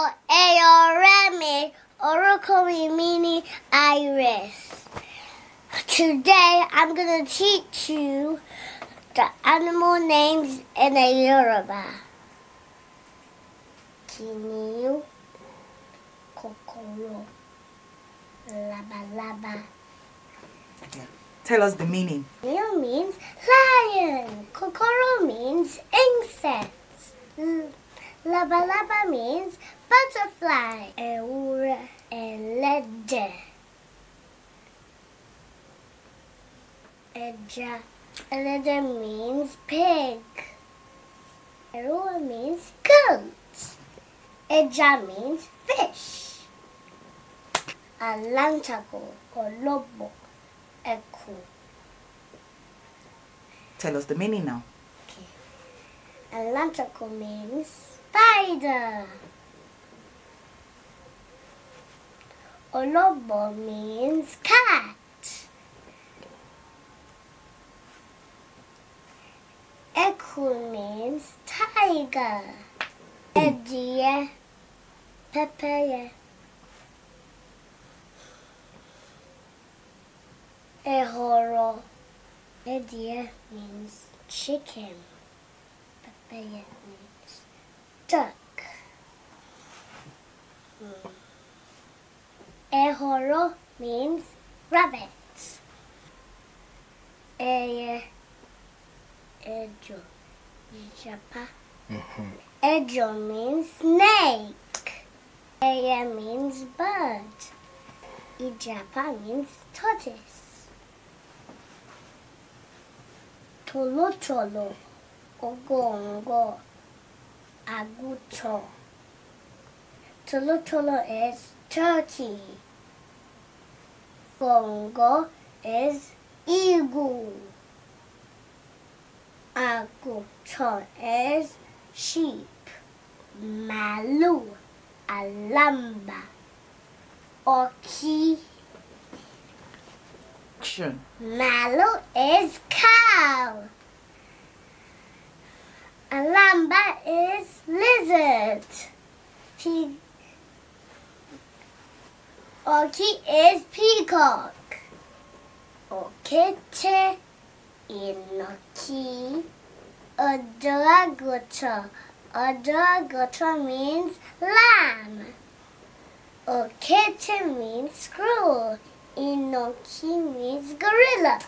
O A O Oracle Mini Iris. Today I'm gonna teach you the animal names in a Yoruba. Kiniu, kokoro, laba. Yeah. Tell us the meaning. Kiniu means lion. Kokoro means insect. laba means butterfly, a wool, a leather, a means pig. A means goat. A means fish. A lantago or lobo, a Tell us the meaning now. Okay. A lantago means spider. Bonobo means cat. Eku means tiger. Hmm. Edie, papaya. Ehoro. Edie means chicken. Papaya means duck. Hmm. Ehoro means rabbits. E Ejo. Japa. Mm-hmm. Ejo means snake. Eya means bird. Ijapa means tortoise. Tolo tolo. Ogongo. Aguto. Tolo tolo is turkey. Bongo is eagle. Agutron is sheep. Malu, a lamba. Oki. Action. Malu is cow. A lamba is lizard. She Orchid is peacock. Orchid inoki a Adragotra means lamb. Orchid means squirrel. Inoki means gorilla.